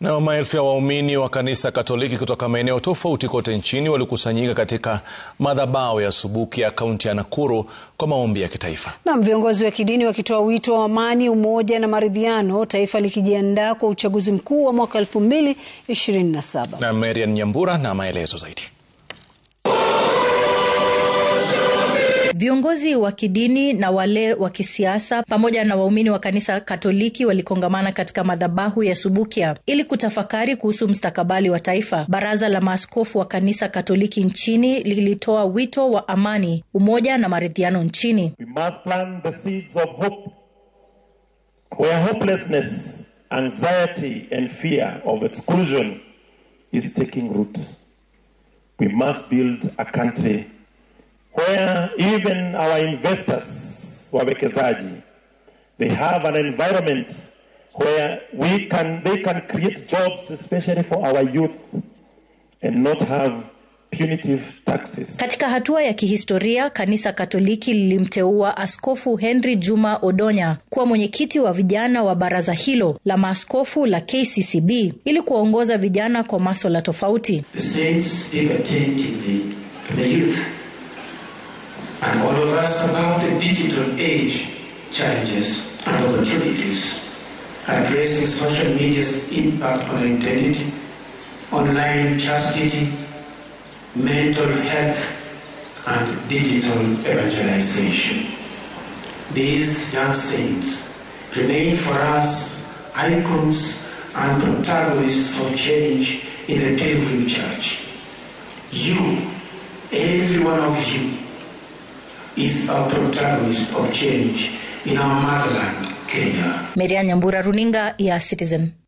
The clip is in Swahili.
Na maelfu ya waumini wa kanisa Katoliki kutoka maeneo tofauti kote nchini walikusanyika katika madhabahu ya Subukia ya kaunti ya Nakuru kwa maombi ya kitaifa. Na viongozi wa kidini wakitoa wito wa amani, umoja na maridhiano, taifa likijiandaa kwa uchaguzi mkuu wa mwaka 2027. Na Marian Nyambura na maelezo zaidi. Viongozi wa kidini na wale wa kisiasa pamoja na waumini wa kanisa Katoliki walikongamana katika madhabahu ya Subukia ili kutafakari kuhusu mstakabali wa taifa. Baraza la maaskofu wa kanisa Katoliki nchini lilitoa wito wa amani, umoja na maridhiano nchini. We must plant the seeds of hope where hopelessness, anxiety and fear of exclusion is taking root. We must build a country where even our investors, wawekezaji, they have an environment where we can, they can create jobs especially for our youth and not have Katika hatua ya kihistoria, kanisa Katoliki lilimteua Askofu Henry Juma Odonya kuwa mwenyekiti wa vijana wa baraza hilo la maaskofu la KCCB ili kuwaongoza vijana kwa maswala tofauti. The saints and all of us about the digital age challenges and opportunities, addressing social media's impact on identity, online chastity, mental health, and digital evangelization. These young saints remain for us icons and protagonists of change in the Pilgrim Church. You, every one of you, is our protagonist of change in our motherland Kenya. Meria Nyambura, runinga ya Citizen.